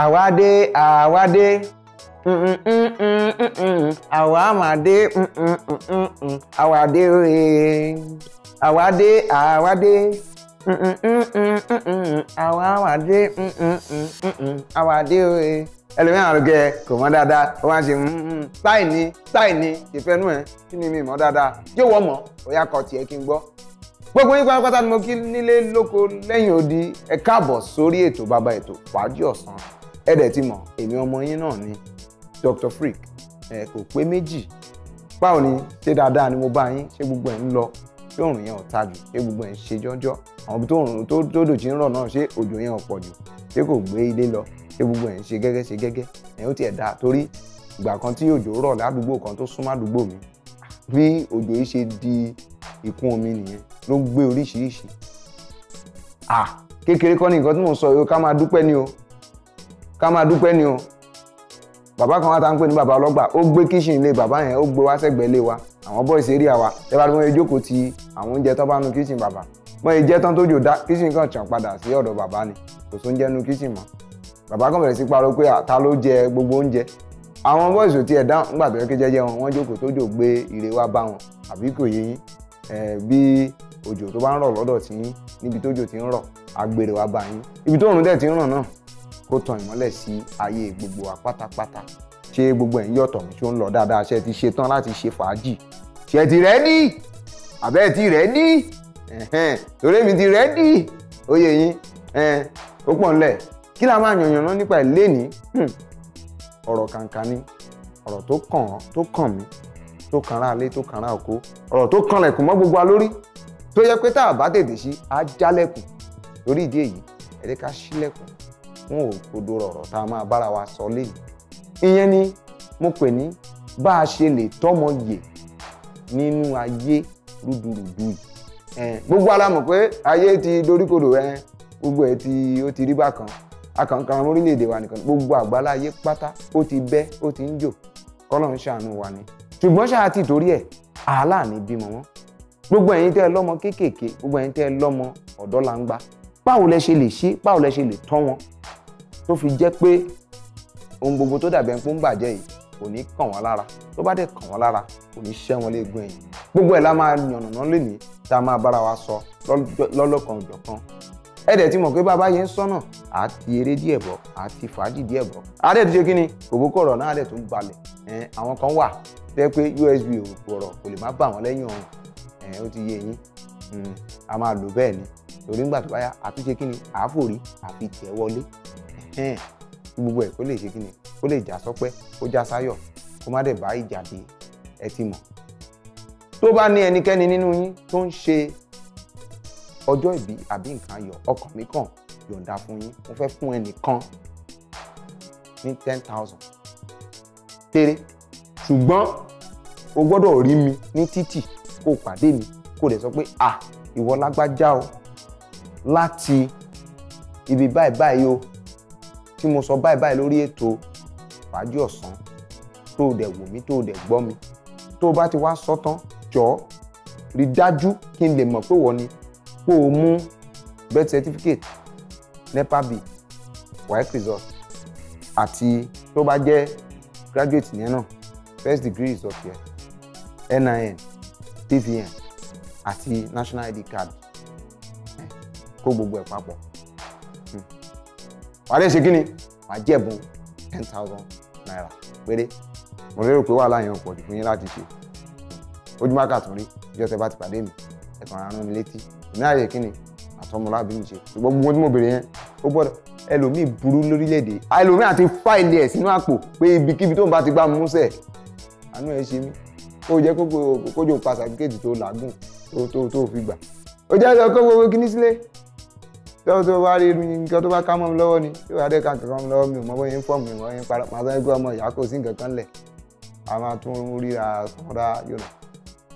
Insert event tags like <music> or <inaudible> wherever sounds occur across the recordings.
àwádé àwádé àwámàdé àwádé àwádé àwádé àwámàdé àwádé ẹlòmíràn àrùgẹ kò mọ dáadáa ó máa ń ṣe táì ní táì ní ìfẹnú ẹ kí ni mi mọ dáadáa yóò wọ mọ òyà kọ tiẹ kí n gbọ́ gbogbo yín pátápátá ni mo kí nílé lóko lẹ́yìn odi ẹ káàbọ̀ sórí ètò bàbá ètò wájú ọ̀sán ẹ dẹ̀ ti mọ̀ èmi ọmọ yín náà ni Dr Frique ẹ kò pé méjì báwo ni ṣé dáadáa ni mo bá yín ṣé gbogbo ẹ̀ ń lọ ṣé òrùn yẹn ò ta jù ṣé gbogbo ẹ̀ ń ṣe jọ́jọ́ àwọn ibi tó òrùn tó dòjì ń rọ̀ náà ṣé òjò yẹn ò pọ̀ jù ṣé kò gbé ilé lọ ṣé gbogbo ẹ̀ ń ṣe gẹ́gẹ́ ṣe gẹ́gẹ́ ẹ̀ ó tiẹ̀ da torí ìgbà kan tí òjò rọ̀ ládùúgbò kan tó súnmọ́ àdúgbò mi bí òjò yìí ṣe di ìkún omi nìyẹn ló ń gbé oríṣiríṣi à kékeré kọ́ ni nǹkan tí mò ń sọ yìí ká máa dúpẹ́ ni o ká máa dúpẹ́ ni o bàbá kan wá tá ń pè ní bàbá ọlọ́gbà ó gbé kíṣìn ilé bàbá yẹn ó gbé wá sẹ́gbẹ̀ẹ́ lé wa àwọn boys area wa ẹ bá wọn jókòó ti àwọn oúnjẹ tán bá nu kíṣìn bàbá wọn èyí jẹ́ tán tó jò dá kíṣìn kan tàn padà sí ọ̀dọ̀ bàbá ni kò sóúnjẹ nu kíṣìn mọ́ bàbá kan bẹ̀rẹ̀ sí parọ́ pé ta ló jẹ gbogbo oúnjẹ àwọn boys ò tiẹ̀ dáhùn nígbà tó yẹ kí jẹ́jẹ́ wọn wọ́n jókòó tó jò gbé ire wá bá wọn àbí kò yé yín bí òjò tó bá ń rọ̀ lọ́dọ̀ tí yín níbi tójò ti ń rọ̀ agbèrè wá bá yín ibi tó òrùn dẹ̀ ti ń ràn náà kó tan ìmọ́lẹ̀ sí ayé gbogbo wa pátápátá ṣé gbogbo ẹ̀ ń yọ̀tọ̀ mi tó ń lọ dáadáa ṣé ẹ ti ṣe tán láti ṣe fàájì ṣé ẹ ti rẹ́dí àbẹ́ ẹ ti rẹ́dí torí mi ti rẹ́dí oyè yín ó pọ̀ ńlẹ̀ kí la máa yànyàn náà nípa ìléèní hmm. ọ̀rọ̀ kankan ni ọ̀rọ̀ tó kàn án tó kàn mí tó kanra alé tó kanra oko ọ̀rọ̀ tó kanlẹ̀kùn mọ́ gbogbo wa lórí tó yẹ pé tá a bá tètè sí á lórí ìdí èyí ẹ ká ṣílẹ̀kùn kún òdodo ọ̀rọ̀ tá a máa bára wa sọ lẹ́yìn ìyẹn ni mo pè ní bá a ṣe lè tọ́mọ yè nínú ayé rúdurùdu yìí gbogbo ara mọ̀ pé ayé ti doríkodò ẹ gbogbo ẹ ti ó ti rí bákan akànkan orílẹ̀-èdè wa nìkan gbogbo àgbálá ayé pátá ó ti bẹ́ ó ti ń jò kọ́lọ̀ ń ṣàánú wa ni ṣùgbọ́n ṣáà ti torí ẹ̀ àlàní bímọ wọn gbogbo ẹ̀yin tẹ́ ẹ lọ́mọ kéékèèké gbogbo ẹ̀yin tẹ́ ẹ lọ́mọ ọ̀dọ́langba báwo lẹ ṣe lè ṣe báwo lẹ ṣe lè tọ́ wọn tó fi jẹ́ pé ohun gbogbo tó dàbẹ̀ pé ó ń bàjẹ́ yìí kò ní kàn wọ́n lára tó bá dẹ̀ kàn wọ́n lára kò ní ṣẹ́ wọn léegun ẹ̀yìn gbogbo ẹ̀ la máa yànnàná lénìí tá a máa bára wa sọ lọ́lọ́kan òjọ̀kan ẹ dẹ̀ ti mọ̀ pé bàbá yẹn ń sọ́nà àti eré díẹ̀ bọ̀ àti fàájì díẹ̀ bọ̀ adẹ̀ ti ṣe kí ni kòkókò ọ̀rọ̀ náà adẹ̀ tó ń balẹ̀ ẹ̀ àwọn kan wà tẹ́ pé usb ọ̀rọ̀ kò lè má bà wọ́n lẹ́yìn ọ̀run ẹ̀ ó ti yé yín hmm, a máa lò bẹ́ẹ̀ ni torí ńgbà tó báyà àtúnṣe kí ni àáfòrí àfi tẹ̀ wọlé kí gbogbo ẹ̀ kó lè ṣe kí ni kó lè já sọ́pẹ́ kó já sáyọ̀ kó má dẹ̀ bá ìjà dé ẹ ti mọ̀ tó bá ní ẹnikẹ́ni nínú yín tó ń ṣe ọjọ́ ìbí àbí nǹkan ayọ̀ ọkàn mi kàn yọ̀ǹda fún yín mo fẹ́ fún ẹnìkan ní ten thousand péré ṣùgbọ́n o gbọ́dọ̀ rí mi ní títì kó o pàdé mi kó o dẹ̀ sọ pé à ìwọ lágbájá o láti ibi báyìí báyìí o tí mo sọ báyìí báyìí lórí ètò fàájì ọ̀sán tó o dẹ̀ wò mí tó o dẹ̀ gbọ́ mi tó o bá ti wá sọ tán jọ̀ọ́ rí dájú kí n lè mọ̀ pé wọ́n ni kó o mú birth certificate nepa bill waec result àti tó bá jẹ́ graduate yẹn náà first degree result yẹn NIN TVN àti national id card kó gbogbo ẹ̀ papọ̀ wà á dẹ̀ ṣe kí ni wà á jẹ̀bùn ten thousand naira péré mo lérò pé wàhálà yẹn ò pọ̀ jù fún yín láti ṣe ojúmọ́ àkàtún rí bí ọ̀sẹ̀ bá ti pàdé mi ẹ̀kan ara rán mi létí èmi àyè kí ni àtọmọlábí mi ṣe ṣùgbọ́n gbogbo tí mo béèrè yẹn ó gbọ́dọ̀ ẹlòmíì burú lórílẹ̀‐èdè ẹlòmíì àti fáìlì ẹ̀ sínú àpò pé ibikíbi tó ń bá ti gbá músẹ̀ àánú ẹ̀ ṣe mí ó jẹ́ kójó pa sàbíkèjì tó làágùn tó fi gbà ó jẹ́ kó gbogbo kíní sílé lọ́wọ́ tó bá rí irú nǹkan tó bá ká mọ́ mi lọ́wọ́ ni yóò wá dẹ́ka kankan mi lọ́wọ́ mi ò mọ bóyá ń fọ́ mi mọ́ ń para màá sọ pé ọmọ ìyá kò sí nǹkan kan lẹ̀ a máa tún ríra sọ̀rọ̀ yóò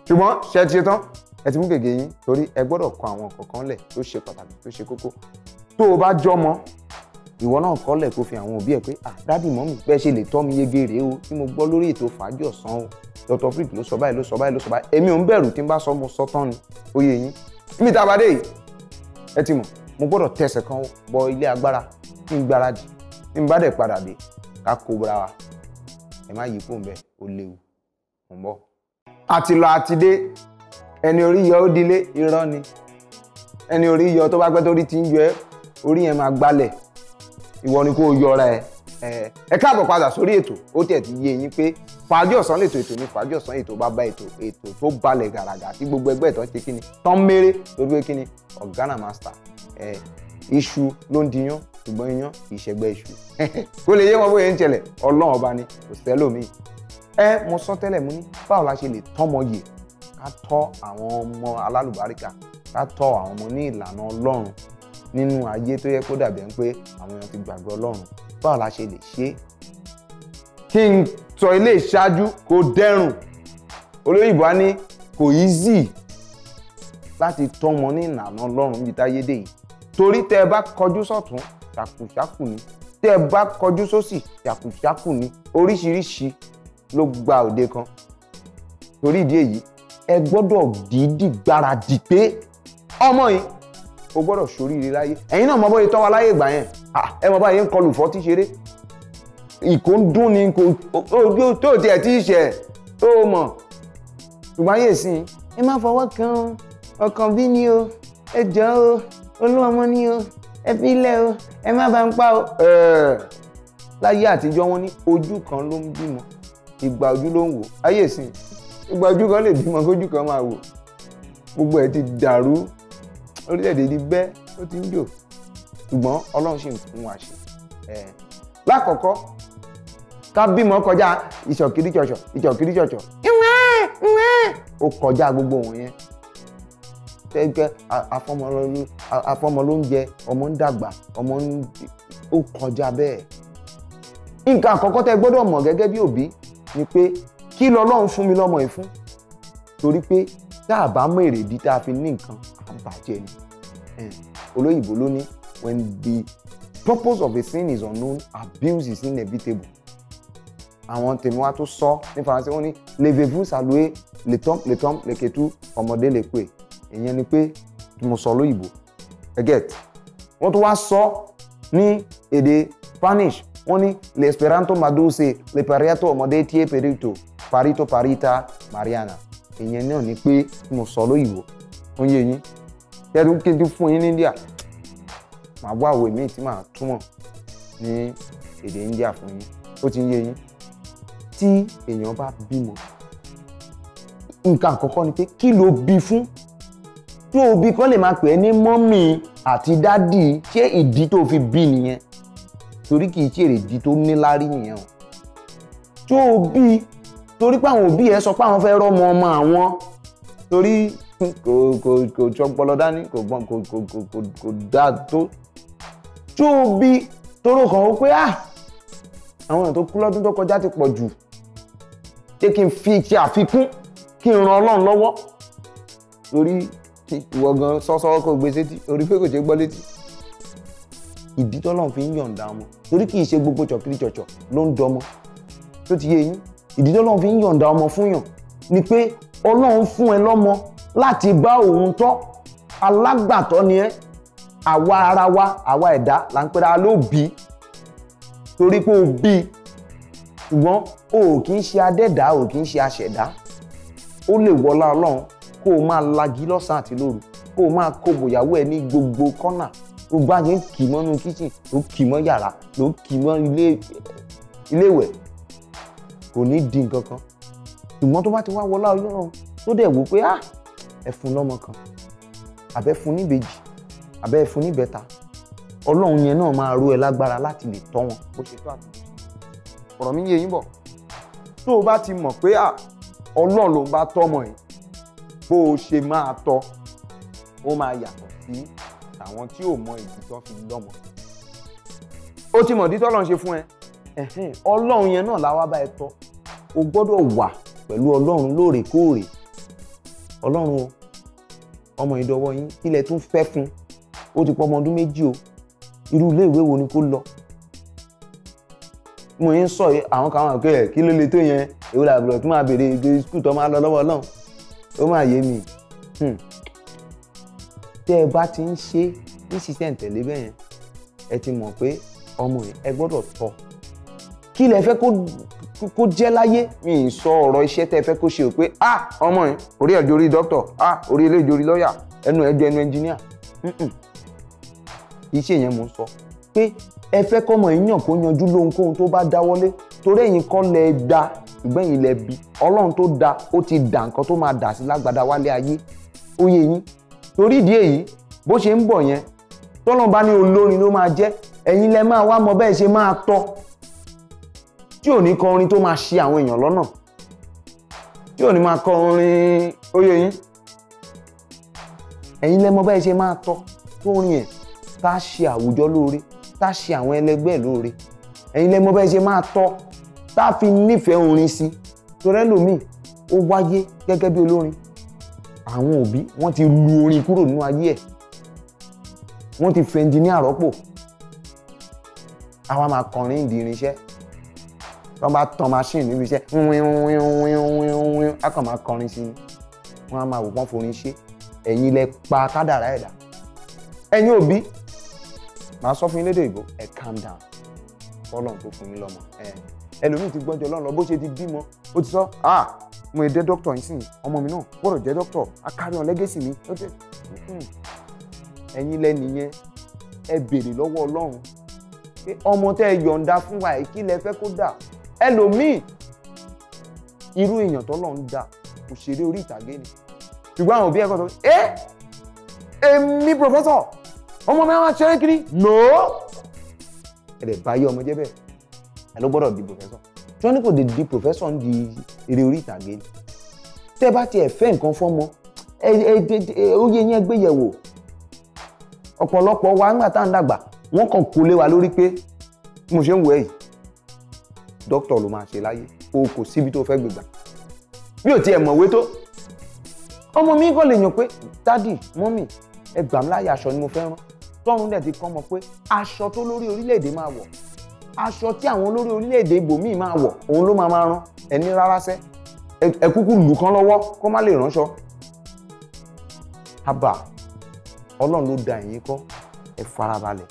ṣùgbọ́n ṣe ti tán ẹ ti mú gègé yín torí ẹ gbọ́dọ̀ kọ àwọn kọ̀ọ̀kan lẹ̀ tó ṣe pàtàkì tó ṣe kókó tó o bá jọmọ ìwọ náà kọ́lẹ̀ kó fi àwọn òbí ẹ̀ pé ah dádì mọ́mì bẹ́ẹ̀ ṣe lè tọ́ mi yege rèé o tí mo gbọ́ lórí ètò fàájì ọ̀sán o Dr. Frique ló sọ báyìí ló sọ báyìí ló sọ báyìí èmi ò ń bẹ̀rù tí n bá sọ mo sọ tán ni ó yé yín níbi tá a bá dé yìí ẹ ti mọ̀ mo gbọ́dọ̀ tẹsẹ̀ kan bọ ilé agbára kí n gbáradì tí n bá dẹ̀ padà dé ká kóbra wa ẹ má yí kóńbẹ ó léwu mò ń bọ̀. àti lọ àti dé ẹni orí yọ ó dilé irọ́ ni ẹni orí yọ tó bá pẹ́ tó rí ti ń yọ ẹ́ orí yẹn máa gbalẹ̀ ìwọ ni kó yọra ẹ ẹ káàbọ̀ padà sórí ètò ó tiẹ̀ ti yé yín pé fàájì ọ̀sán lètò ètò ní fàájì ọ̀sán ètò bàbá ètò ètò tó balẹ̀ gàràgà tí gbogbo ẹgbẹ́ ìtàn ṣe kíni tán méré lórí pé kíni ọ̀gánà master iṣu ló ń diyán ṣùgbọ́n iyán ìṣẹ̀gbẹ́ iṣu <laughs> kó lè yé wọn bóyá ń ṣẹlẹ̀ ọlọ́run ọba ni kò sẹ́lòmíì ẹ mo sọ tẹ́lẹ̀ mo ní báwo la ṣe lè tọ́mọ yè ká tọ́ àwọn ọmọ alálùbáríkà ká tọ́ àwọn ọmọ ní ìlànà ọlọ́run nínú ayé tó yẹ kó dàbí ẹni pé àwọn èèyàn ti gbàgbé ọlọ́run báwo la ṣe lè ṣe é kí n sọ ilé ìṣáájú kó dẹrùn olóyìnbó á ní kò easy láti tọ́mọ ní ìlànà ọlọ́run níbi táyé dé yìí torí tẹ́ ẹ bá kọjú sọ̀tún ṣàkùṣàkù ni tẹ́ ẹ bá kọjú sósì ṣàkùṣàkù ni oríṣiríṣi ló gba òde kan torí ìdí èyí ẹ gbọ́dọ̀ dídì gbáradì pé ọmọ yìí o gbọ́dọ̀ ṣoríire láyé ẹ̀yin náà mọ bóyá tọ́wọ́ láyé ìgbà yẹn ẹ mọ báyìí ń kọlù fọ́ tí ṣeré ìkó ń dún ni kò tó tiẹ̀ tí ì ṣẹ̀ tó o mọ̀ ṣùgbọ́n ayé sí i ẹ má fọwọ́ kan ọkàn bí ni o ẹ jọ o olúwọmọ ni o ẹ fi ilẹ̀ o ẹ má bá ń pa o. láyé àtijọ́ wọn ní ojú kan ló ń bímọ ìgbà ojú ló ń wò ayé sí ìgbà ojú kan lè bímọ kójú kan máa wò gbogbo ẹ ti dàrú orílẹ̀-èdè ní bẹ́ẹ̀ ó ti ń jò ṣùgbọ́n ọlọ́run ṣì ń fún wa ṣe lákọ̀ọ́kọ́ ká bímọ kọjá ìṣọ̀kiri ṣọ̀ṣọ̀ ìṣọ̀kiri ṣọ̀ṣọ̀ ó kọjá gbogbo wọn yẹn tẹ́gbẹ́ afọ́mọ ló ń jẹ ọmọ ń dàgbà ọmọ ń ó kọjá bẹ́ẹ̀ nǹkan àkọ́kọ́ tẹ́ gbọ́dọ̀ mọ̀ gẹ́gẹ́ bí òbí ni pé kí lọ́lọ́run fún mi lọ́mọ yìí fún torí pé tá a bá mọ èrèdí tá a fi ní nǹkan àbàjẹ́ ni olóyìnbó ló ní when the purpose of a sin is unknown abuse is inevitable àwọn tèmi wá tó sọ ní faransé wọn ní levez salue le tom le tom le ketu ọmọdé le pe ìyẹn ni pé mo sọ lóyìnbó eget wọn tó wá sọ ní èdè spanish wọn ní le esperanto madose le pariato ọmọdé tie perito parito parita mariana ìyẹn náà ni pé mo sọ lóyìnbó tó ń yé yín tẹ́lú kéde fún yín ní India màá wá àwọ̀ èmi tí màá túmọ̀ ní èdè India fún yín ó ti ń yé yín tí èèyàn bá bímọ nǹkan àkọ́kọ́ ni pé kí ló bí fún tó o bí kọ́ lè máa pè é ní mọ́mì àti dádì ṣé ìdí tó fi bí nìyẹn torí kì í ṣe èrèdí tó níláárí nìyẹn o tó o bí torí pé àwọn òbí ẹ sọ pé àwọn fẹ́ rọ́mọ ọmọ àwọn torí kò kò kò tí ọpọlọ dání kò gbọ́n kò kò kò kò kò dáa tó tó bí toró kan ó pé ah àwọn èèyàn tó kú lọ́dún tó kọjá ti pọ̀ jù ṣé kí n fi ṣe àfikún kí n ran Ọlọ́run lọ́wọ́ torí ìwọ gan sọ́sọ́wọ́ kò gbé sétí orí pé kò ṣe gbọ́ létí ìdí tọ́lọ́run fi ń yọ̀ǹda ọmọ torí kì í ṣe gbogbo chọ̀kiri chọ̀chọ̀ ló ń dọmọ tó ti yé yín ìdí tó lọ́n fi ń yọ̀ǹda ọmọ fún yàn ni pé ọlọ́run fún ẹ lọ́mọ láti bá òun tọ́ alágbàtọ́ ni ẹ àwa ara wa àwa ẹ̀dá là ń pera ló bí torí pé o bí ṣùgbọ́n o ò kì í ṣe adẹ́dá o kì í ṣe aṣẹ̀dá ó lè wọlá ọlọ́run kó o máa lagi lọ́sàn àti lóru kó o máa kó bòyàwó ẹ ní gbogbo kọ́nà gbogbo àti ń kì mọ́nú kíchìn ló kì mọ́ yàrá ló kì mọ́ ilé ìwẹ̀ kò ní di nǹkan kan ṣùgbọ́n tó bá ti wá wọlá ọlọ́run tó dẹ̀ wò pé ah ẹ fún lọ́mọ kan àbẹ́ fún níbejì àbẹ́ fún níbẹ̀ta ọlọ́run yẹn náà máa ro ẹ lágbára láti lè tọ́ wọn bó ṣe tó àti ọ̀rọ̀ mi yé yín bọ̀ tó o bá ti mọ̀ pé ah ọlọ́run ló bá tọ́mọ yìí bó o ṣe máa tọ́ ó máa yàtọ̀ sí àwọn tí ò mọ ìdí tó fi lọ́mọ ó ti mọ̀ dí tọ́lọ́run ṣe fún ẹ ọlọ́run yẹn náà láwa bá ẹ tọ́ o gbọ́dọ̀ wà pẹ̀lú ọlọ́run lóòrèkóòrè ọlọ́run o ọmọ ìdọ̀wọ́ yín ilẹ̀ tún fẹ́ fún ó ti pọ̀ ọmọ ọdún méjì o irú ilé ìwé wo ni kó lọ mo ń sọ àwọn kan àwọn akẹ́yẹ kí ló lè tó yẹn èwo làbúrò tó máa béèrè ìgbé skul tó máa lọ lọ́wọ́ náà ó máa yé mi hmm. tẹ́ ẹ bá ti ń ṣe ní ṣiṣẹ́ ìtẹ̀lé bẹ́ẹ̀ yẹn ẹ ti mọ̀ pé ọmọ yẹn ẹ gbọ́dọ̀ tọ́ kí lẹ fẹ́ kó kó jẹ́ láyé mi ì sọ ọ̀rọ̀ iṣẹ́ tẹ́ fẹ́ kó ṣe o pé ah ọmọ yẹn orí ẹ̀ jorí dókítọ̀ ah orí ilé jorí lọ́ọ̀yà ẹnu ẹ̀ jọ ẹnu ẹnjìníà iṣẹ́ yẹn mo ń sọ pé ẹ fẹ́ kọ́mọ yín yàn kó yanjú lóhunkóhun tó bá dáwọ́lé torí ẹ̀yin kọ́ lẹ da ṣùgbọ́n ẹ̀yin lẹ bí ọlọ́run tó da ó ti dà nǹkan tó máa dà sí lágbàdá wálé ayé ó yé yín torí ìdí èyí bó ṣe ń bọ̀ yẹn tọ́lọ́n bá ní olórin ló máa jẹ́ ẹ̀yin lẹ máa wá mọ bẹ́ẹ̀ tí ò ní kọ orin tó máa ṣe àwọn èèyàn lọ́nà tí ò ní máa kọ orin oyè yín ẹ̀yin lẹ́mọ báyìí ṣe máa tọ́ tó orin ẹ̀ tá a ṣe àwùjọ lóore tá a ṣe àwọn ẹlẹgbẹ́ lóore ẹ̀yin lẹ́mọ báyìí ṣe máa tọ́ tá a fi nífẹ̀ẹ́ orin sí torí ẹlòmíì ó wáyé gẹ́gẹ́ bí olórin àwọn òbí wọ́n ti lu orin kúrò nínú ayé ẹ̀ wọ́n ti fẹ́ndì ní àrọ́pò àwa máa kọrin ìdí irinṣẹ́ wọ́n bá tan machine níbi iṣẹ́ a kàn máa kọrin sí i wọ́n á máa wò wọ́n forin ṣe ẹ̀yin lẹ pa kádàrá ẹ̀dá ẹ̀yin òbí màá sọ fún yín lédè ìbò ẹ calm down fọlọ́n tó fún yín lọ́mọ ẹlòmíì ti gbọ́njọ lọ́nà bó ṣe ti bímọ ó ti sọ ah mo èdè dókítà yìí sìn ọmọ mi náà gbọ́dọ̀ jẹ́ dókítà akárí ọ̀n lẹ́gẹ̀sì mi ó jẹ́ hmm. ẹ̀yin lẹ́nu yẹn ẹ béèrè lọ́wọ́ ọlọ́run pé ọmọ tẹ́ ẹ yọ̀ǹda fún wa ẹ̀ kí lẹ fẹ́ kó dà ẹlòmíì irú èèyàn tó lọ ń dà òṣèré orí ìtàgé ni ṣùgbọ́n àwọn òbí ẹ̀kọ́ sọ ẹ́ èmi pòfẹ́sọ̀ ọmọ mi máa ṣeré kiri no ẹ̀rẹ̀ báyé ọmọ jẹ́ bẹ́ẹ̀ ẹ̀ ló gbọ́dọ̀ di pòfẹ́sọ̀ tí wọ́n ní kò lè di pòfẹ́sọ̀ ń di eré orí ìtàgé ni tẹ́ bá tiẹ̀ fẹ́ nǹkan fọ́mọ oyè yẹn gbé yẹ̀wò ọ̀pọ̀lọpọ̀ wa ńgbà tá à ń dàgbà wọ́n kàn kó wa lórí pé mo ṣe ń wẹ̀ yìí dókítà ló máa ṣe láyé o kò síbi tó fẹ́ gbègbà bí O tiẹ̀ mọ̀wé tó ọmọ mi kọ́ lè yàn pé dádì mọ́mì ẹ gbà mí láyé aṣọ ni mo fẹ́ rán tọ́run dẹ̀ ti kọ́ mọ̀ pé aṣọ tó lórí orílẹ̀-èdè máa wọ̀ aṣọ tí àwọn olórí orílẹ̀-èdè ibòmíì máa wọ̀ òun ló máa máa rán ẹni rárá sẹ́ ẹ kúkú lù kán lọ́wọ́ kó má lè ránṣọ. àbà ọlọ́run ló da ẹ̀yin kọ́ ẹ farabalẹ̀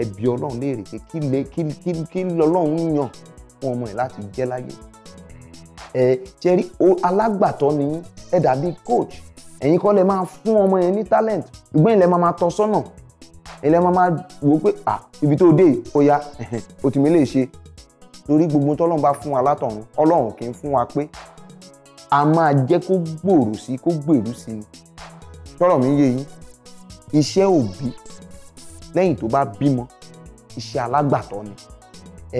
ẹ bi ọlọ́run léèrè pé kí lọ́lọ́run yàn fún ọmọ yìí láti jẹ́ láyé ẹ ṣe rí alágbàtọ́ ni ẹ dàbí coach ẹ̀yin kọ́ lẹ máa fún ọmọ yẹn ní talent ṣùgbọ́n ilẹ̀ máa máa tọ́ sọ́nà ilẹ̀ máa máa wò pé à ibi tó dé ó yá <laughs> o tì mí lè ṣe torí gbogbo tọ́lọ́run bá fún wa látọ̀run ọlọ́run kì í fún wa pé a máa jẹ́ kó gbòòrò sí kó gbèrú sí i tọ́rọ̀ mi yé yín iṣẹ́ òbí lẹ́yìn tó bá bímọ iṣẹ́ alágbàtọ́ ni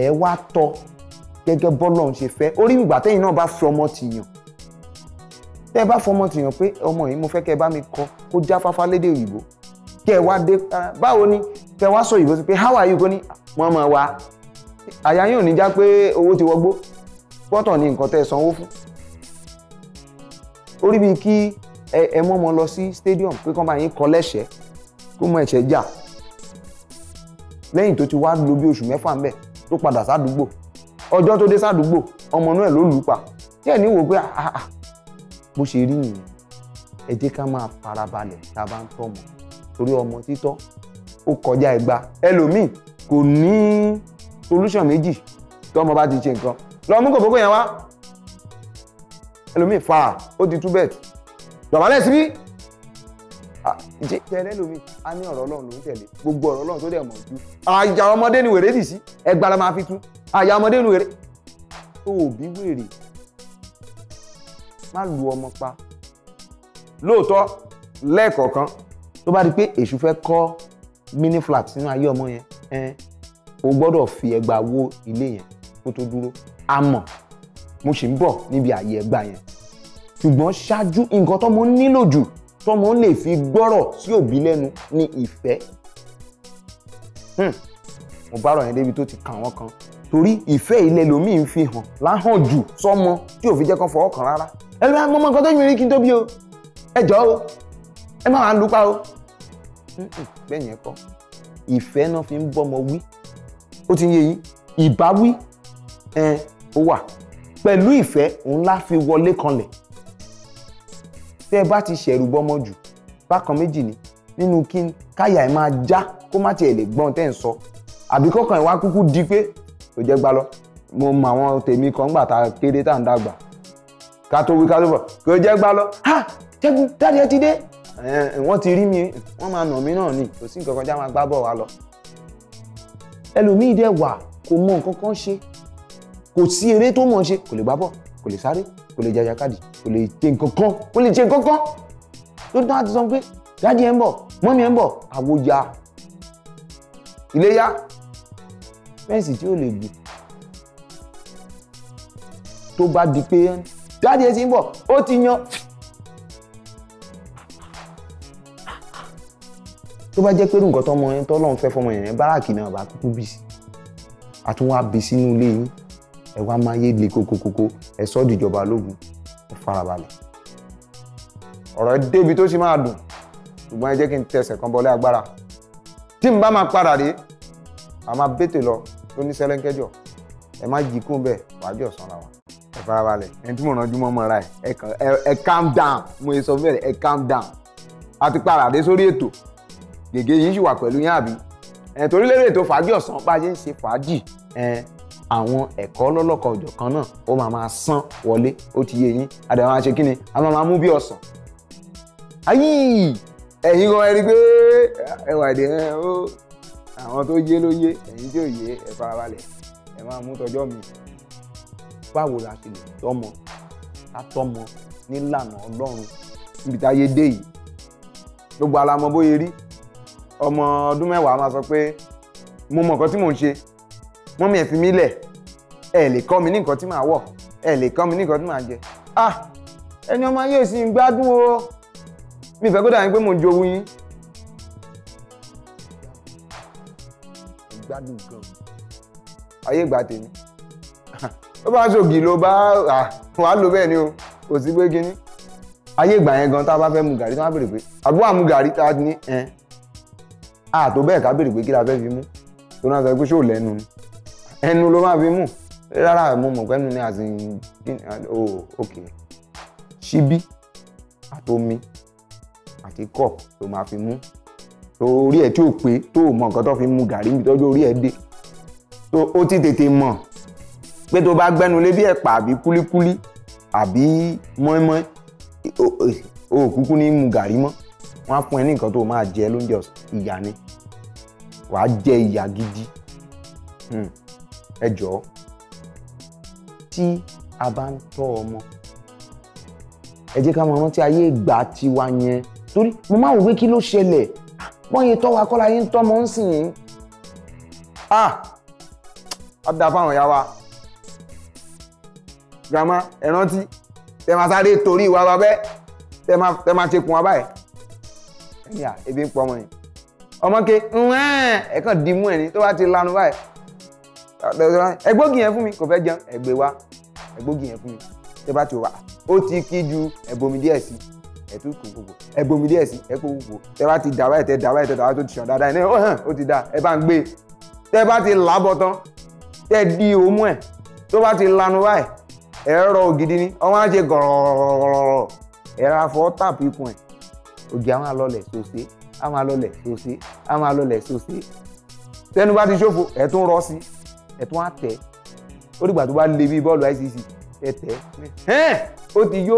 ẹ wá tọ́ gẹ́gẹ́ bọ́lọ́run ṣe fẹ́ orí ìgbà tẹ́yìn náà bá fi ọmọ tìyàn tẹ́ ẹ bá fọmọ tìyàn pé ọmọ yìí mo fẹ́ kẹ́ ẹ bá mi kọ kó jáfáfá lédè òyìnbó kẹ́ ẹ wá dé báwo ni kẹ́ ẹ wá sọ òyìnbó sí pé how are you kò ní wọ́n mọ̀ wá àyà yóò ní já pé owó ti wọgbó pọ́tọ̀ ni nǹkan tẹ́ ẹ sanwó fún orí bíi kí ẹ mọ́mọ lọ sí stadium pé kán bá yín kọ lẹ́sẹ̀ẹ́ kó mọ ẹ̀ṣẹ̀ jà lẹ́yìn tó ti wá lò bí oṣù mẹ́fà ń bẹ̀ tó padà sádùúgbò ọjọ́ tó dé sádùúgbò ọmọ náà ló lù ú pa díẹ̀ ní wò pé àà ah, ah, ah, bó ṣe rí nìyẹn ẹ jẹ́ ká máa farabalẹ̀ tá a bá ń tọ́mọ torí ọmọ títọ́ ó kọjá ẹgbà ẹlòmíì kò ní solution méjì tọ́mọ bá ti ṣe nǹkan lọ mú kòkòkò yẹn wá ẹlòmíì fa ó ti tú bẹ́ẹ̀ dọ̀bálẹ̀ síbí tẹ̀lé lómi a ní ọ̀rọ̀ ọlọ́run ló ń tẹ̀lé gbogbo ọ̀rọ̀ ọlọ́run tó dẹ̀ mọ̀ ju àjà ọmọdé ni wèrè sì sí ẹgbàá la máa fi tú àyà ọmọdé lu wèrè òbí wèrè má lu ọmọ pa lóòótọ́ lẹ́ẹ̀kọ̀ọ̀kan tó bá di pé èṣù fẹ́ kọ́ mini flat sínú ayé ọmọ yẹn ẹn o gbọ́dọ̀ fi ẹgbàá wó ilé yẹn kó tó dúró àmọ́ mo sì ń bọ̀ níbi àyè ẹgbàá yẹn ṣùgbọ́n ṣáájú nǹkan tọ́mọ nílò jù tọ́mọ lè fi gbọ́rọ̀ sí òbí lẹ́nu ní ìfẹ́ hmm. mo bá rọ̀ yẹn débi tó ti kàn wọ́n kan torí ìfẹ́ ilẹ̀ lomiin fi hàn láhàn jù sọ́mọ tí ò fi jẹ́ kán fọwọ́ kàn rárá ẹ lọ́wọ́ mọ́mọ́ nǹkan tó yún irin kí n tóbi o ẹ jọ o ẹ má wàá lupa o bẹ́ẹ̀ yẹn kọ́ ìfẹ́ náà fi ń bọ́mọ wí ó ti ń yé yín ìbáwí ẹ ó wà pẹ̀lú ìfẹ́ òun la fi wọlé kanlẹ̀ tẹ́ ẹ bá ti ṣẹ̀rù bọ́mọ jù bákan méjì ni nínú kí káyà ẹ máa já kó má tiẹ̀ lè gbọ́n tẹ́ ń sọ àbí kọ́kàn ẹ wá kúkú di pé tó jẹ́ gbálọ́ mo mọ àwọn tèmi kan gbà tá a kéré tá à ń dàgbà ká tó wí ká tó bọ̀ kò jẹ́ gbálọ́ ha Ṣẹ́gun dáadé ẹ ti dé wọ́n ti rí mi wọ́n máa nà mí náà ni kò sí nǹkan kan já máa gbá bọ̀ wá lọ ẹlòmíì dẹ̀ wà kò mọ nǹkan kan ṣe kò sí eré tó mọ̀ ṣe kò lè gbá bọ̀ kò lè sáré kò lè jàjàkadì kò lè ṣe nǹkan kan kò lè ṣe nǹkan kan ló dán àti sọ pé dáàdì ẹ ń bọ̀ mọ́mí ẹ ń bọ̀ àwòjà iléyá fẹ́ǹsì tí ò lè gùn tó bá di pé dáàdi ẹ ti ń bọ̀ ó ti yan tó bá jẹ́ pé nǹkan tọmọ yẹn tọ́lọ́run fẹ́ fọmọ yẹn báràkì náà bá kúkú bì sí àtúnwá bì sínú ilé yín ẹ wá máa yé le kókókókó ẹ sọ dìjọba lógun ẹ farabalẹ̀ ọ̀rọ̀ ẹ débi tó sì máa dùn ṣùgbọ́n ẹ jẹ́ kí n tẹsẹ̀ kan bọ́lé agbára tí n bá máa padà dé a máa bètè lọ tó ní sẹ́lẹ̀ńkẹ́jọ ẹ má jí kún bẹ́ẹ̀ wájọ sanra wa ẹ farabalẹ̀ ẹni tí mo rànjú mọ́ mọ́ra ẹ ẹ calm down mo yẹ sọ bẹ́ẹ̀ ẹ calm down a ti paradé sórí ètò gègé yìí sì wà pẹ̀lú yín àbí torí lérè ètò fàájì ọ̀sán bá a ṣe ń ṣe fàájì àwọn ẹ̀kọ́ lọ́lọ́kọ̀ ọ̀jọ̀ kan náà ó máa máa sán wọlé ó ti yé yín àdàmọ́ máa ṣe ni a máa máa mú bí ọ̀sán. ayí ẹ̀yin gan ẹ rí i pé ẹwà ìdè ẹ̀ ó àwọn tó yé ló yé ẹ̀yin tí ò yé ẹ farabalẹ̀ ẹ máa mú tọjọ́ mi. báwo la ṣe lè tọ́mọ ká tọ́mọ nílànà ọlọ́run níbi táyé dé yìí gbogbo alamọ bóyá rí ọmọ ọdún mẹ́wàá máa sọ pé mo mọ nǹkan tí mò ń ṣe mọ́mí ẹ̀ fi mí lẹ̀ ẹ̀ lè kọ́ mi ní nǹkan tí màá wọ̀ ẹ̀ lè kọ́ mi ní nǹkan tí màá jẹ ah ẹni ọmọ ayé ìsìn gbádùn o mi fẹ́ kó dà yín pé mò ń jowú yín gbádùn gan. ayé ìgbà tèmi ló bá ṣògì ló bá wà ló bẹ́ẹ̀ ni o kò sí pé kínní ayé ìgbà yẹn gan tá a bá fẹ́ mu gàrí tá a bèrè pé àbúrò àmu gàrí tá a ní ẹ àtò bẹ́ẹ̀ ká bèrè pé kí la fẹ́ fi mú tó náà sọ pé ṣó lẹ́nu ni ẹnu ló máa fi mú rárá mo mọ̀ pẹ́nu ni àti ok ṣíbí àtomi àti cup ló máa fi mú orí ẹ̀ tí ò pé tó o mọ nǹkan tó fi mu gàrí níbi tọ́jú orí ẹ̀ dé tó o ti tètè mọ̀ pé tó bá gbẹ́nulé bí ẹ̀pà àbí kúlíkúlí àbí mọ́ínmọ́ín o ò kúkú ní mu gàrí mọ́ wọ́n á fún ẹ ní nǹkan tó máa jẹ lóúnjẹ ìyà ni wàá jẹ ìyà gidi hmm. ẹ jọ̀ọ́ tí a bá ń tọ́ ọmọ ẹ jẹ́ ká mọ ọmọ tí ayé ìgbà tiwa yẹn torí mo máa wò pé kí ló ṣẹlẹ̀ wọ́n yìí tọ́ wa kọ́la yín tọ́ mọ́ ń sìn yín ah ọ̀dà fáwọn ìyá wa grandma ẹ rántí tẹ máa sáré torí ìwà wa bẹ́ẹ̀ tẹ máa ṣe kun wa báyìí ẹ̀yà ebi ń pọ̀ ọmọ yìí ọmọ ke nwẹ́ẹ̀ ẹ̀ kàn di mú ẹ̀ ní tó bá ti lanu báyìí ẹgbógi yẹn fún mi kò fẹ́ jẹun ẹgbẹ́ wa ẹgbógi yẹn fún mi tẹ bá ti wà ó ti kí ju ẹ̀bùnmi díẹ̀ sí i ẹ tún kó gbogbo ẹ gbomi díẹ̀ sí ẹ kó gbogbo tẹ bá ti dàbá ẹtẹ dàbá ẹtẹ dàbá tó ti sàn dáadáa ẹ ó hàn ó ti dà ẹ bá ń gbé tẹ bá ti làbọ tán tẹ di òmù ẹ tó bá ti lanu báyìí ẹ rọ ògidì ni ọmọ á ṣe gọrọrọrọrọ ẹ ra fọ tàpù ikùn ẹ ògì á máa lọlẹ̀ sose á máa lọlẹ̀ sose á máa lọlẹ̀ sose tẹnu bá ti ṣòfò ẹ tún rọ sí ẹ tún á tẹ ó dìgbà tó bá le bí bọ́ọ̀lù ICC ẹ tẹ ẹ ó ti yó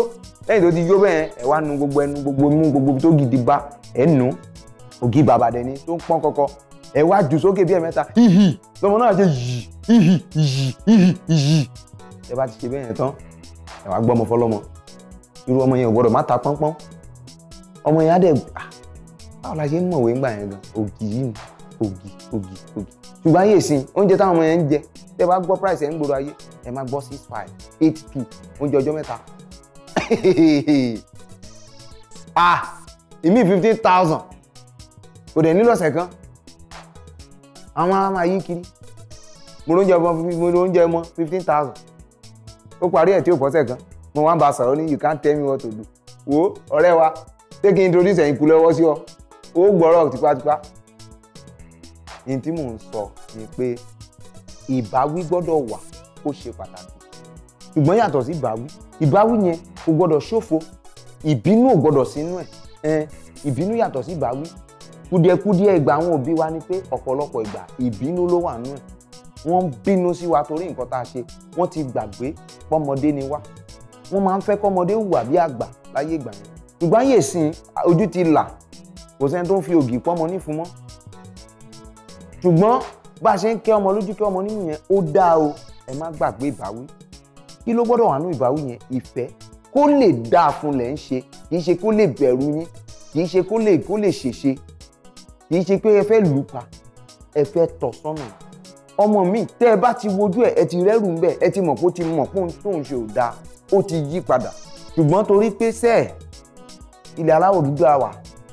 lẹ́yìn tó ti yó bẹ́ẹ̀ ẹ wá nu gbogbo ẹnu gbogbo mú gbogbo tó gidi bá ẹ nù ògì bàbà dẹni tó ń pọ́n kọ́kọ́ ẹ wá jù sókè bí ẹ̀mẹ́ta híhì lọ́mọ náà ṣe yìí híhì yìí híhì yìí ẹ bá ti ṣe bẹ́ẹ̀ yẹn tán ẹ wá gbọ́ ọmọ fọlọ́mọ irú ọmọ yẹn ò gbọ́dọ̀ má ta pọ́npọ́n ọmọ yẹn á dẹ̀ báwo la ṣe ń mọ̀wé ńgbà yẹn gan ògì yìí ògì ògì ògì ṣùgbọ́n ayé ìsìn oúnjẹ táwọn ọmọ yẹn ń jẹ tẹ́ bá gbọ́ price ẹ̀ ń gbòòrò ayé ẹ máa gbọ́ six five eight two oúnjẹ ọjọ́ mẹ́ta <laughs> ah ìmí fifteen thousand kò dẹ̀ nílò ọ̀sẹ̀ second? àwọn ará máa yí kiri mo ló ń jẹ ọmọ mo ló ń jẹ ọmọ fifteen thousand ó parí ẹ̀ tí ó pọ̀sẹ̀ kan mo wá you can't tell me what to do wo ọ̀rẹ́ wa take me introduce ẹ̀yìn kulẹ̀ ọwọ́ sí ọ ó gbọ́rọ̀ tipátipá ní tí mò ń sọ ni pé ìbáwí gbọ́dọ̀ wà kó ṣe pàtàkì ṣùgbọ́n yàtọ̀ sí ìbáwí ìbáwí yẹn kò gbọ́dọ̀ ṣòfò ìbínú ò gbọ́dọ̀ sínú ẹ̀ ìbínú yàtọ̀ sí ìbáwí kùdìẹ̀kùdìẹ̀ ìgbà àwọn òbí wa ni pé ọ̀pọ̀lọpọ̀ ìgbà ìbínú ló wà nù ẹ̀ wọ́n ń bínú sí wa torí nǹkan tá a ṣe wọ́n ti gbàgbé pọ́mọdé ni wá wọ́n máa ń fẹ́ kọ́mọdé hùwà bí àgbà láyé ìgbà yẹn ìgbà yẹn sìn ojú ti là kò sẹ́ni tó ń fi ògì pọ́mọ nífun mọ́ ṣùgbọ́n bá a ṣe ń kẹ́ ọmọ lójú kẹ́ ọmọ nínú yẹn ó dáa o ẹ má gbàgbé ìbáwí kí ló gbọ́dọ̀ wà nínú ìbáwí yẹn ìfẹ́ kó lè dáa fún lẹ̀ ń ṣe kì í ṣe kó lè bẹ̀rù yín kì í ṣe kó lè kó lè ṣèṣe kì í ṣe pé ẹ fẹ́ lù ú pa ẹ fẹ́ tọ̀ sọ́nà ọmọ mi tẹ́ ẹ bá ti wojú ẹ ẹ ti rẹ́rù ńbẹ ẹ ti mọ̀ kó ti mọ̀ kó tó ń ṣe ò dáa ó ti yí padà ṣùgbọ́n torí pé sẹ́ẹ̀ ilẹ̀ aláwọ̀ dúdú àwà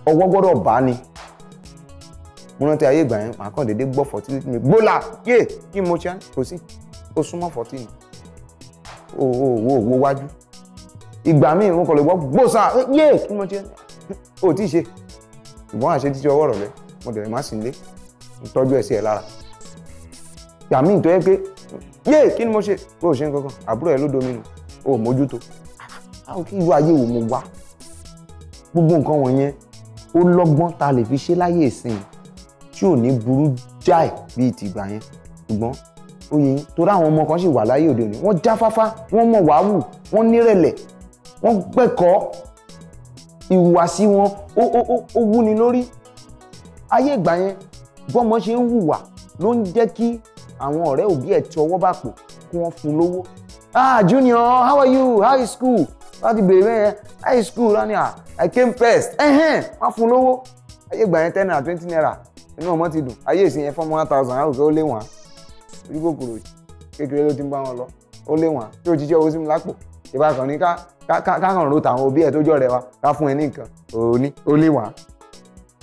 ọwọ́ gbọ́dọ̀ bá ni mo rántí ayé ìgbà yẹn màá kàn déédéé gbọ́ fọ́tí mi gbólà yé kí mo ṣe kò sí ó súnmọ́ fọ́tí ni owó owó owó wájú ìgbà míì mo kàn lè gbọ́ gbòòsà yé kí ni mo ti ò tí ì ṣe ìbọn àṣẹ títí ọwọ́ rọ̀ lẹ mo dẹ̀ má sí ilé mo tọ́jú ẹ̀ sí ẹ̀ lára ìgbà míì tó yẹ pé yé kí ni mo ṣe bó o ṣe ń kankan àbúrò ẹ ló domi nù o ò mójútó àwọn kí irú ayé wo mo wá gbogbo nǹkan wọ̀nyẹn ó lọ́gbọ́n ta lè fi ṣe láyé ìsìn tí ò ní burú jáì bíi tìgbà yẹn ṣùgbọ́n oyè torí àwọn ọmọ kan sì wà láyé òde òní wọ́n jáfáfá wọ́n mọ̀ wàáwù wọ́n nírẹ̀lẹ̀ wọ́n gbẹ̀kọ́ ìhùwàsí wọn ó ó ó ó wúni lórí ayé ìgbà yẹn bọ́mọ ṣe ń hùwà ló ń jẹ́ kí àwọn ọ̀rẹ́ òbí ẹ̀ tí ọwọ́ bá pọ̀ kí wọ́n fún lówó ah junior how are you how is school láti bèrè yẹn high school lọ́ni à ah, i came first ẹ̀hẹ́n wọ́n fún lówó ayé ìgbà yẹn ten naira twenty naira inú ọmọ ti dùn ayé ìsìn yẹn fọ́ọ̀mù one thousand àwùjọ ó lé wọ́n ojú kòkòrò kékeré ló ti ń bá wọn lọ ó lé wọn tí ó ti jẹ́ owó sí mi lápò ìbá kan ní kákan ro tàwọn òbí ẹ̀ tó jọ rẹ̀ wa ká fún ẹ ní nǹkan òní ó lé wọn.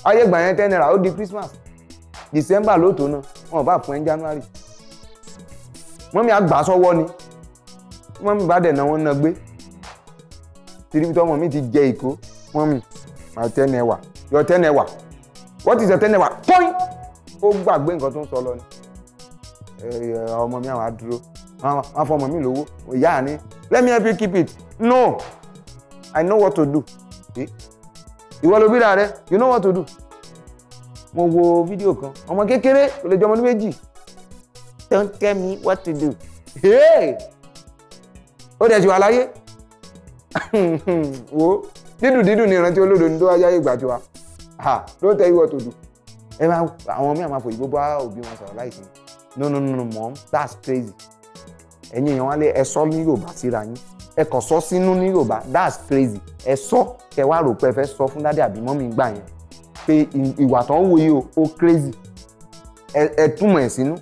ayé gbà yẹn ten naira ó di Christmas December lóòótọ́ náà wọn ò bá fún ẹ ní January mọ́mí àgbà sọ́wọ́ ni mọ́mí bá dẹ̀ náà wọ́n ná gbé tìrìbí tọ́mọ mi ti jẹ ìkó mọ́mí my ten naira your ten naira what is your ten naira point ó gbàgbé nǹkan tó ń sọ lọ ni Eh, ọmọ mi àwọn adúró wọn fọ ọmọ mi lówó ìyá ni let me help you keep it no i know what to do ìwọ ló bíra rẹ you know what to do mo wo fídíò kan ọmọ kékeré kò lè jọ ọmọ ní méjì don't tell me what to do ó dẹ̀ ti wà láyé <laughs> wo dídùn dídùn ni ìrántí olódo ní tó wáyé ayé ìgbà tiwa don't tell you what to do ẹ máa àwọn míì àwọn àfòyìnbó bá òbí wọn sọ̀rọ̀ láìsí no no no no mom that's crazy ẹ̀yin èèyàn wá lé ẹ sọ ní yorùbá síra yín ẹ kàn sọ sínú ní yorùbá that's crazy ẹ sọ kẹ wá rò pé ẹ fẹ́ sọ fún dádì àbí mọ́mì gbà yẹn pé ìwà tó ń wòye o ó crazy ẹ túmọ̀ ẹ̀ sínú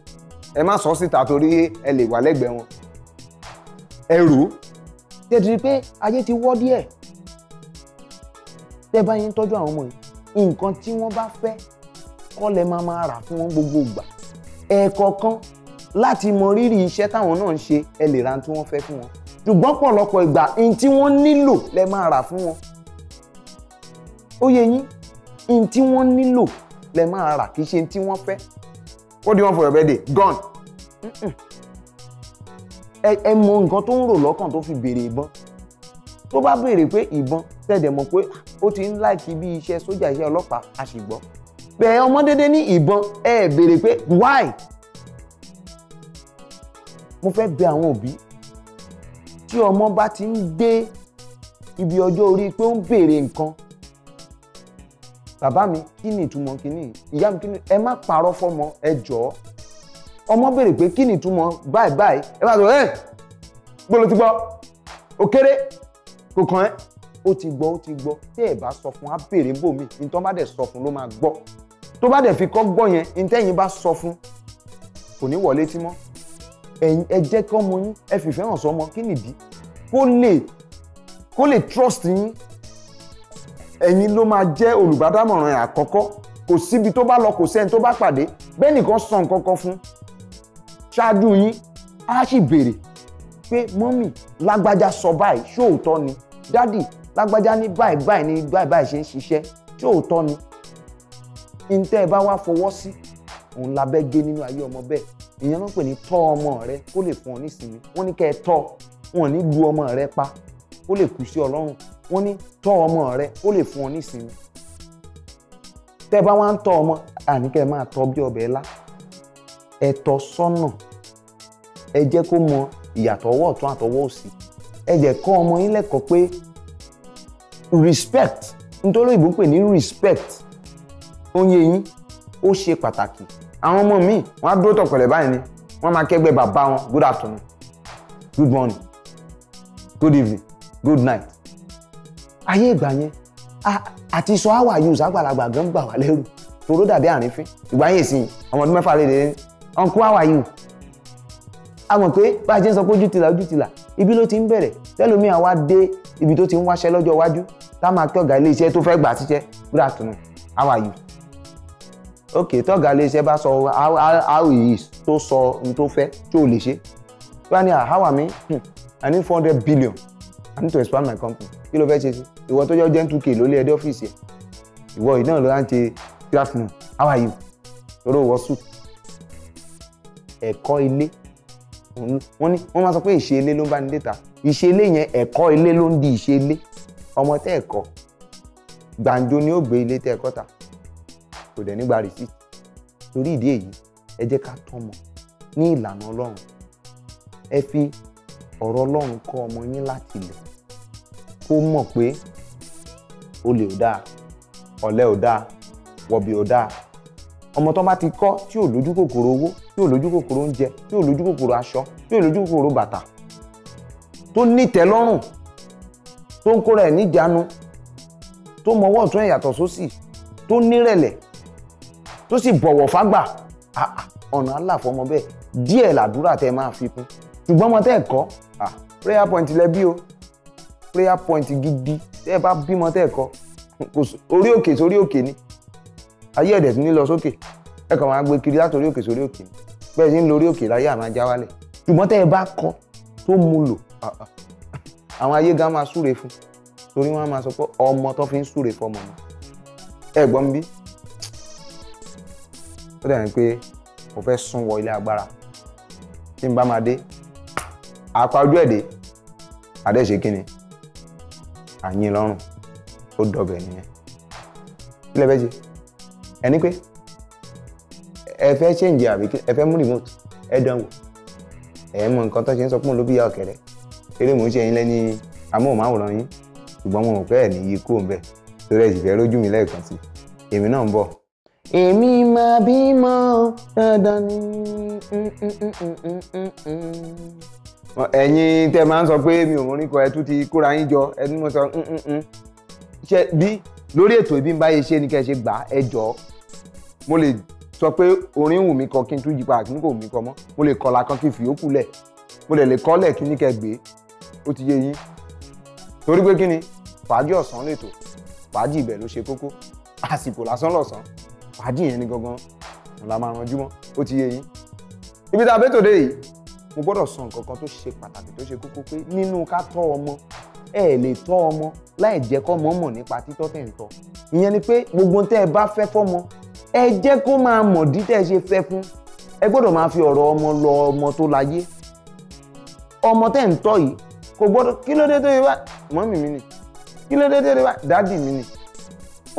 ẹ má sọ síta torí ẹ lè wà lẹ́gbẹ̀ẹ́ wọn ẹ rò ó tẹ́ ti rí pé ayé ti wọ́ díẹ̀ tẹ́ bá yín tọ́jú àwọn ọmọ yìí nǹkan tí wọ́n bá fẹ́ kọ́ lẹ máa máa rà fún wọn gbogbo ìgbà ẹ̀ẹ̀kọ̀ọ̀kan láti mọ rírì iṣẹ́ táwọn náà ń ṣe ẹ lè ra tí wọ́n fẹ́ fún wọn ṣùgbọ́n pọ̀lọpọ̀ ìgbà n tí wọ́n nílò lẹ máa rà fún wọn ó yẹ yín n tí wọ́n nílò lẹ máa rà kì í ṣe n tí wọ́n fẹ́ what do you want for your birthday gone ẹ mọ nǹkan tó ń rò lọ́kàn tó fi béèrè ìbọn tó bá béèrè pé ìbọn tẹ̀dẹ̀ mọ̀ pé ah, ó ti ń láìkí bí iṣẹ́ sójà iṣẹ́ ọlọ́pàá a sì gbọ́ pé ọmọ dédé ní ìbọn ẹ béèrè pé why mo fẹ́ bẹ àwọn òbí tí ọmọ bá ti ń dé ibi ọjọ́ orí pé ó ń béèrè nǹkan bàbá mi kí ni ìtumọ̀ kíní ìyá mi kí ni ẹ má parọ́ fọmọ ẹ jọ̀ọ́ ọmọ béèrè pé kí ni ìtumọ̀ báyìí báyìí ẹ bá sọ ẹ gbọ́dọ̀ ti gbọ́ ó kéré kò kàn ẹ́ ó ti gbọ́ ó ti gbọ́ tí ẹ bá sọ fún á béèrè bòmí ní tí bá dẹ̀ sọ fún ló máa gbọ́ tó bá dẹ̀ fi kọ́ gbọ́ yẹn ntẹ́yìn bá sọ fún kò ní wọlé tí mọ́ ẹ jẹ́ kọ́ mọ yín ẹ fìfẹ́ hàn sọ́mọ kí nìdí kó lè kó lè trust yín ẹ̀yin ló máa jẹ́ olùbádámọ̀ràn àkọ́kọ́ kò síbi tó bá lọ kò sẹ́ni tó bá pàdé bẹ́ẹ̀ nìkan sàn kankan fún ṣáájú yín á sì béèrè pé mọ́mì lágbájá sọ báyìí ṣóòótọ́ ni dádì lágbájá ní báyìí báyìí ní báyìí báyìí ṣe ń ṣiṣẹ́ ṣóòótọ́ ni ntẹ́ ẹ bá wá fọwọ́ sí òun labẹ́ gé nínú ayé ọmọ bẹ́ẹ̀ ìyẹn ló ń pè ní tọ́ ọmọ rẹ kó lè fún ọ ní wọ́n ní kẹ́ ẹ tọ́ wọn ní lu ọmọ rẹ pa kó lè kù sí ọlọ́run wọ́n ní tọ́ ọmọ rẹ kó lè fún ọ ní ìsinmi tẹ́ bá wá ń tọ́ ọmọ àníkẹ́ máa tọ́ bí ọbẹ̀ lá ẹ tọ́ sọ́nà ẹ jẹ́ kó mọ ìyàtọ̀ ọwọ́ ọ̀tún àtọwọ́ òsì ẹ jẹ́ kọ́ ọmọ yín lẹ́kọ̀ọ́ pé respect nítorí òyìnbó ń pè ní respect ó yín ó ṣe pàtàkì àwọn ọmọ míì wọn á dúró tọ̀pẹ̀lẹ̀ báyìí ni wọn máa kẹ́gbẹ́ bàbá wọn good afternoon good morning good evening good night ayé ìgbà yẹn àti sọ how are you àgbàlagbà gan gbà wá lẹ́rù toró dàbí àrífín ìgbà yẹn sì ọmọ ọdún mẹ́fà lè ní uncle how are you a mọ̀ pé bá a jẹ́ sọ pé ojú tìlà ojú tìlà ibi ló ti ń bẹ̀rẹ̀ tẹ́lómìà wá dé ibi tó ti ń wáṣẹ́ lọ́jọ́ iwájú tá a ọ̀gá ilé iṣẹ́ tó fẹ́ gbà síṣẹ́ good afternoon how are you ok tọ́gà lè ṣe bá sọ how he is tó sọ ohun tó fẹ́ tí ò lè ṣe wọ́n ní ah, how am hmm, I need four hundred billion i need to expand my company kí ló fẹ́ ṣe sí ìwọ tó jẹ́ jẹ́ two k ló lé ẹdẹ ọ́fíìsì ẹ̀ ìwọ yìí náà ló ń ṣe good how are you lóró wọ suit ẹ̀kọ́ ilé wọ́n ní wọ́n máa sọ pé ìṣe ilé ló ń bá ní déta ìṣe ilé yẹn ẹ̀kọ́ ilé ló ń di ìṣe ilé ọmọ tẹ́ ẹ̀kọ́ gbàǹjo ni ó gbé ilé tẹ́ ẹ̀kọ́ ta kò dẹ̀ nígbà receipt torí ìdí èyí ẹ jẹ́ ká tọ́mọ ní ìlànà ọlọ́run ẹ fi ọ̀rọ̀ ọlọ́run kọ́ ọmọ yín láti ilẹ̀ kó mọ̀ pé olè ò dáa ọ̀lẹ ò dáa wọ̀bì ò dáa ọmọ tó bá ti kọ́ tí ò lójú kòkòrò owó tí ò lójú kòkòrò oúnjẹ tí ò lójú kòkòrò aṣọ tí ò lójú kòkòrò bàtà tó nítẹ́lọ́rùn tó ń kóra ẹ̀ níjàánu tó mọwọ́ ọ̀tún ẹ̀ yàtọ̀ sósì tó nírẹ̀lẹ̀ tó sì bọ̀wọ̀ fágbà ah, ah, ọ̀nà aláfọ̀ ọmọ bẹ́ẹ̀ díẹ̀ làdúrà tẹ máa fi kún ṣùgbọ́n ọmọ tẹ́ ẹ̀ kọ́ ah, prayer point lẹ bí o prayer point gidi tẹ́ ẹ bá bímọ tẹ́ ẹ̀ kọ́ orí òkè sórí òkè ni ayé ẹ̀dẹ̀ tún ní lọ sókè ẹ kàn máa gbé kiri látòrí òkè sórí òkè ni bẹ́ẹ̀ sì ń lórí òkè láyé àmà já wálẹ̀ ṣùgbọ́n tẹ́ ẹ bá kọ́ tó mu lò àwọn ayé gan máa súre fún torí wọ́n máa sọ pé ọmọ tó fi ń súre fọmọ ẹ gbọ́n bí ó dẹ̀ ní pé mo fẹ́ sún wọ ilé agbára tí n bá máa dé apá ojú ẹ̀ dé adé ṣe kíni àyìn lọ́rùn ó dọ̀bẹ̀ nìyẹn ilé ẹ̀fẹ́ ṣe ẹni pé ẹ fẹ́ ṣèǹjẹ àbí ẹ fẹ́ mú remote ẹ dánwò ẹ mọ nǹkan tó ṣe ń sọ fún olóbíyà ọ̀kẹ́rẹ́ eré mò ń ṣe yín lẹ́ni amóhùnmáwòrán yín ṣùgbọ́n mo mọ̀ pé ẹ̀ ní yí kúrò ń bẹ̀ torí ẹ̀ sì fẹ́ rójú mi lẹ́ẹ̀kan sí èmi náà ń bọ̀ èmi máa bímọ dandan ni. ẹ̀yin tẹ́ máa ń sọ pé mi ò mórí kọ ẹ tún ti kóra yín jọ ẹ ní mo sọ mm, mm, mm. ṣe bí lórí ètò ìbí ń báyé ṣe ni kẹ́ ẹ ṣe gbà ẹ jọ mo lè sọ pé orin wù mí kọ kí n tún yípa àti ní kò wù mí kọ mọ́ mo lè kọlà kan kí n fìyókù lẹ̀ mo lè lè kọ́lẹ̀ kí ní kẹ́ gbé ó ti yé yín torí pé kí ni fàájì ọ̀sán lètò fàájì ibẹ̀ ló ṣe kókó àsìkò lásán lọ̀sán pàdé yẹn ni gangan la máa ranjú mọ́ ó ti yé yín ibi tá a bẹ́ tòde yìí mo gbọ́dọ̀ sọ nǹkan kan tó ṣe pàtàkì tó ṣe kókó pé nínú ká tọ́ ọmọ ẹ lè tọ́ ọmọ láì jẹ́ kọ́ mọ́ mọ̀ nípa títọ́ tẹ̀ ń tọ́ ìyẹn ni pé gbogbo tẹ́ ẹ bá fẹ́ fọ́mọ ẹ jẹ́ kó máa mọ̀ dí tẹ́ ṣe fẹ́ fún ẹ gbọ́dọ̀ máa fi ọ̀rọ̀ ọmọ lọ ọmọ tó láyé ọmọ tẹ́ ń tọ́ yìí kò gbọ́dọ̀ kí ló dé tó yẹ bá mọ́mì mi nì kí ló dé tó yẹ bá dádì mi nì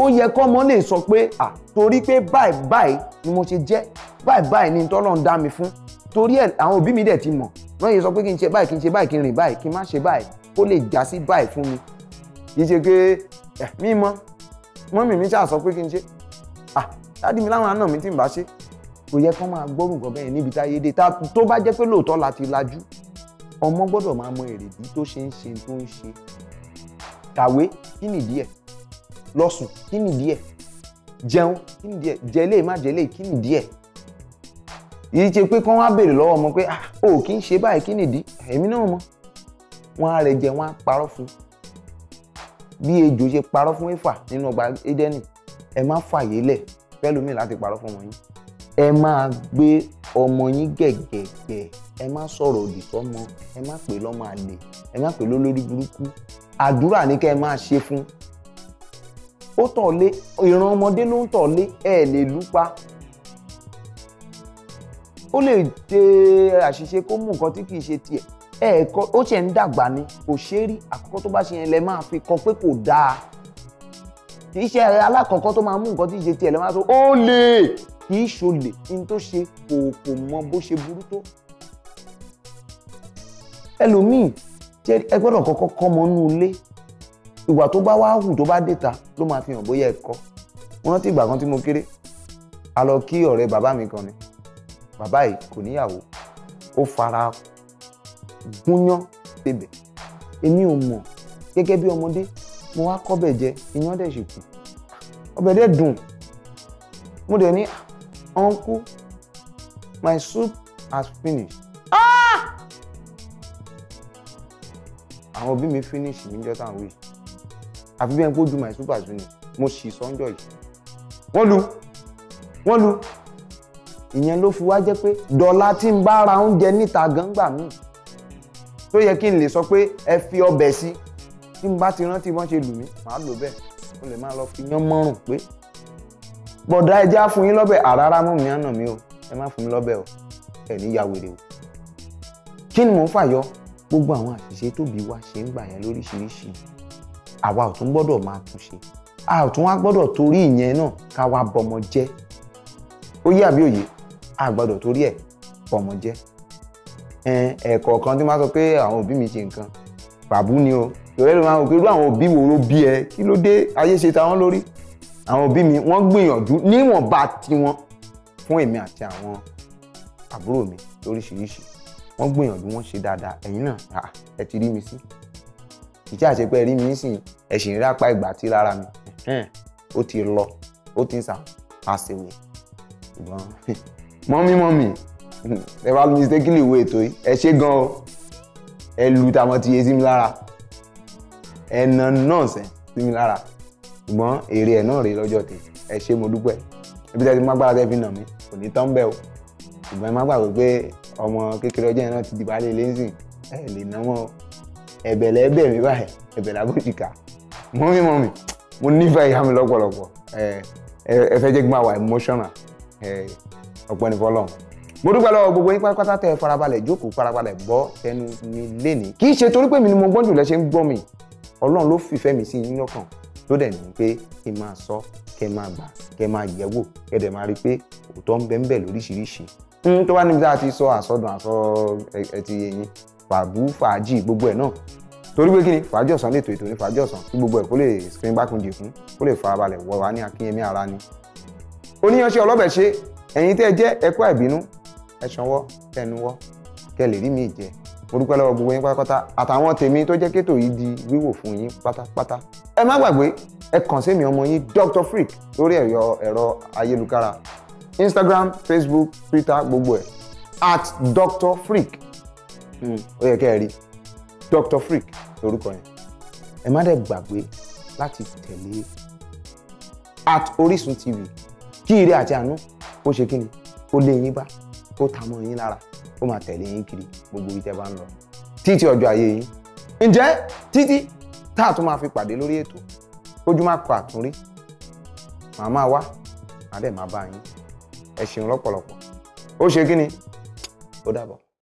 ó yẹ kọ́mọ lè sọ pé à torí pé báyìí báyìí ni mo ṣe jẹ́ báyìí báyìí ni tọ́lọ́ ń dá mi fún torí ẹ̀ àwọn òbí mi dẹ̀ ti mọ̀ wọ́n yẹ sọ pé kí n ṣe báyìí kí n ṣe báyìí kí n rìn báyìí kí n má ṣe báyìí kó lè já sí báyìí fún mi kì í ṣe pé ẹ̀ mí mọ́ mọ́mì mi ṣáà sọ pé kí n ṣe à dádì mi láwọn àna mi tí n bá ṣe kò yẹ kó máa gbọ́rù nǹkan bẹ́ẹ̀ níbi táyé dé tó bá jẹ́ pé lóòótọ́ la ti lajú ọmọ gbọ́dọ̀ máa lọ sùn kí nìdí ẹ̀ jẹun kí nìdí ẹ̀ jẹlé má jẹlé kí nìdí ẹ̀ yìí ṣe pé kán wá béèrè lọ́wọ́ ọmọ pé ah o kì í ṣe báyìí kí nìdí èmi náà mọ̀ wọn á rẹ̀ jẹ wọn á parọ́ fún bí ejò ṣe parọ́ fún Éfà nínú ọgbà Édẹ́nì ẹ má fàyè lẹ̀ fẹ́lómi láti parọ́ fún ọmọ yín ẹ máa gbé ọmọ yín gẹ̀gẹ̀gẹ̀ ẹ má sọ̀rọ̀ òdì sọ́mọ ẹ má pè lọ́mọ àlè ẹ má pè lólórí burúkú àdúrà ni kẹ́ ẹ máa ṣe fún ó tàn lé ìran ọmọdé ló ń tàn lé ẹ lè lù pa ó lè ṣe àṣìṣe kó mú nǹkan tí kì í ṣe tiẹ̀ ẹ̀ẹ̀kọ́ ó ṣe ń dàgbà ni kò ṣe é rí àkọ́kọ́ tó bá ṣe yẹn lẹ máa fi kọ pé kò dáa kì í ṣe alákọ̀ọ́kọ́ tó máa mú nǹkan tí ì ṣe tiẹ̀ lẹ máa sọ ó lè kì í ṣolè ní tó ṣe kò kò mọ bó ṣe burú tó ẹlòmíì ẹ gbọ́dọ̀ kọ́kọ́ kọ́ ọmọ ilé ìwà tó bá wá hù tó bá déta ló máa fi hàn bóyá ẹ̀kọ́ wọ́n rántí ìgbà kan tí mo kéré a lọ kí ọ̀rẹ́ bàbá mi kan ni bàbá yìí kò níyàwó ó fara gúnyán débẹ̀ èmi ò mọ̀ gẹ́gẹ́ bí ọmọdé mo wá kọ́bẹ̀ jẹ iyán dẹ̀ ṣì kù ọbẹ̀ dẹ̀ dùn mo dẹ̀ ní uncle my soup has finished. Ah! àwọn òbí mi finish níjọ́ táwọn wí àfi bí ẹni kó ju my super junior mo sì sọ́njọ́ yìí wọ́n lu wọ́n lu ìyẹn ló fi wá jẹ́ pé dọ́là tí ń bá ra oúnjẹ níta gangba mi tó yẹ kí n lè sọ pé ẹ fi ọbẹ̀ sí tí n bá ti rántí wọ́n ṣe lù mí màá lò bẹ́ẹ̀ mo lè máa lọ fi yán mọ́rùn pé bọ̀dá ẹ já fún yín lọ́bẹ̀ àrárá mú mi àná mi o ẹ má fún mi lọ́bẹ̀ o ẹ ní ya wèrè o kí ni mò ń fàyọ gbogbo àwọn àṣìṣe tóbi wa ṣe ń gbà yẹn lóríṣiríṣi àwa ò tún gbọ́dọ̀ máa tún ṣe a ò tún wá gbọ́dọ̀ torí ìyẹn náà ká wá bọmọ jẹ́ ó yé àbí òye a gbọ́dọ̀ torí ẹ̀ bọmọ jẹ́ ẹ̀kọ̀ọ̀kan tí máa sọ pé àwọn òbí mi ṣe nǹkan bàbú ni o ìrọ̀lẹ́ ló máa ń pè irú àwọn òbí wo ló bí ẹ kí ló dé ayé ṣe ta wọ́n lórí àwọn òbí mi wọ́n gbìyànjú níwọ̀nba tiwọn fún èmi àti àwọn àbúrò mi lóríṣiríṣi wọ́n gbìyànjú wọ́n ṣe dáadáa ẹ̀yin náà ẹ ti rí mi sí kìkì àṣepẹ́ rí mi nísìnyí ẹ̀sìn ìrápá ìgbà tí lára mi ó ti lọ ó ti ń sà pàṣẹwé ṣùgbọ́n <laughs> mọ́mí <laughs> ẹ bá mistakenly wo ètò yìí ẹ ṣe gan o ẹ lu tàmọ́ ti yé sí mi lára ẹ na nọ́ọ̀sẹ̀ sí mi lára ṣùgbọ́n èrè ẹ̀ náà rèé lọ́jọ́ tèmi ẹ ṣe mo dúpẹ́ ibi tẹ́ ti má gbára tẹ́ fi nà mí kò ní tán bẹ́ẹ̀ o ṣùgbọ́n ẹ má gbàgbé pé ọmọ kékeré ọjọ́ yẹn náà ti dìbò alẹ́ lẹ́sìn ẹ lè náwó ẹ̀bẹ̀ lẹ́ bẹ̀ mí báyìí ẹ̀bẹ̀ làbójìká mọ́mí mọ́mí mo nífẹ̀ẹ́ ìyá mi lọ́pọ̀lọpọ̀ ẹ fẹ́ jẹ́ kí n máa wà emotional ọ̀pọ̀ ní fọlọ́n mo dúpẹ́ lọ́wọ́ gbogbo yín pátápátá tẹ farabalẹ̀ jókòó farabalẹ̀ gbọ́ tẹnu mi lénìí kì í ṣe torí pé mi ni mo gbọ́n jù lẹ́ ṣe ń gbọ́ mi ọlọ́run ló fìfẹ́ mi sí yín lọ́kàn ló dẹ̀ ní pé kí n máa sọ kí n máa gbà kí n máa yẹ̀wò kí dẹ̀ máa rí i pé òótọ́ ń bẹ ń bẹ lóríṣiríṣi tó bá níbi tá a ti sọ àsọdùn àsọ ẹ ti yẹ yín fàbú fàájì gbogbo ẹ̀ náà torí pé kí ni fàájì ọ̀sán lè tó ètò ní fàájì ọ̀sán kí gbogbo ẹ̀ kó lè screen back and jìkún kó lè farabalẹ̀ wọ wá ní akínyẹmí ara ni. oníyanṣẹ́ ọlọ́bẹ̀ ṣe ẹ̀yin tẹ́ ẹ jẹ́ ẹ kú àìbínú ẹ ṣanwọ́ kẹ́ ẹ nuwọ́ kẹ́ ẹ lè rí mi jẹ mo dúpẹ́ lọ́wọ́ gbogbo yín pátápátá àtàwọn tèmi tó jẹ́ kétò yìí di wíwò fún yín pátápátá ẹ má gbàgbé ẹ kàn sí mi ọmọ yín Dr Frique lórí ẹ̀rọ ayélujára Instagram Facebook Twitter gbogbo ẹ̀ at Dr freak Hmm. ó yẹ kẹ́ ẹ rí Dr Frique lórúkọ yẹn ẹ má dẹ̀ gbàgbé láti tẹ̀lé at Orísun TV kí ire àti àánú kó ṣe kí ni kó lé yín bá kó ta mọ́ yín lára kó máa tẹ̀lé yín kiri gbogbo ibi tẹ́ bá ń lọ títí ọjọ́ ayé yín ǹjẹ́ títí tá a tún máa fi pàdé lórí ètò kójú má kọ àtúnrí màmá wa màá dẹ̀ máa bá yín ẹ ṣeun lọ́pọ̀lọpọ̀ ó ṣe kí ni ó dàbọ̀.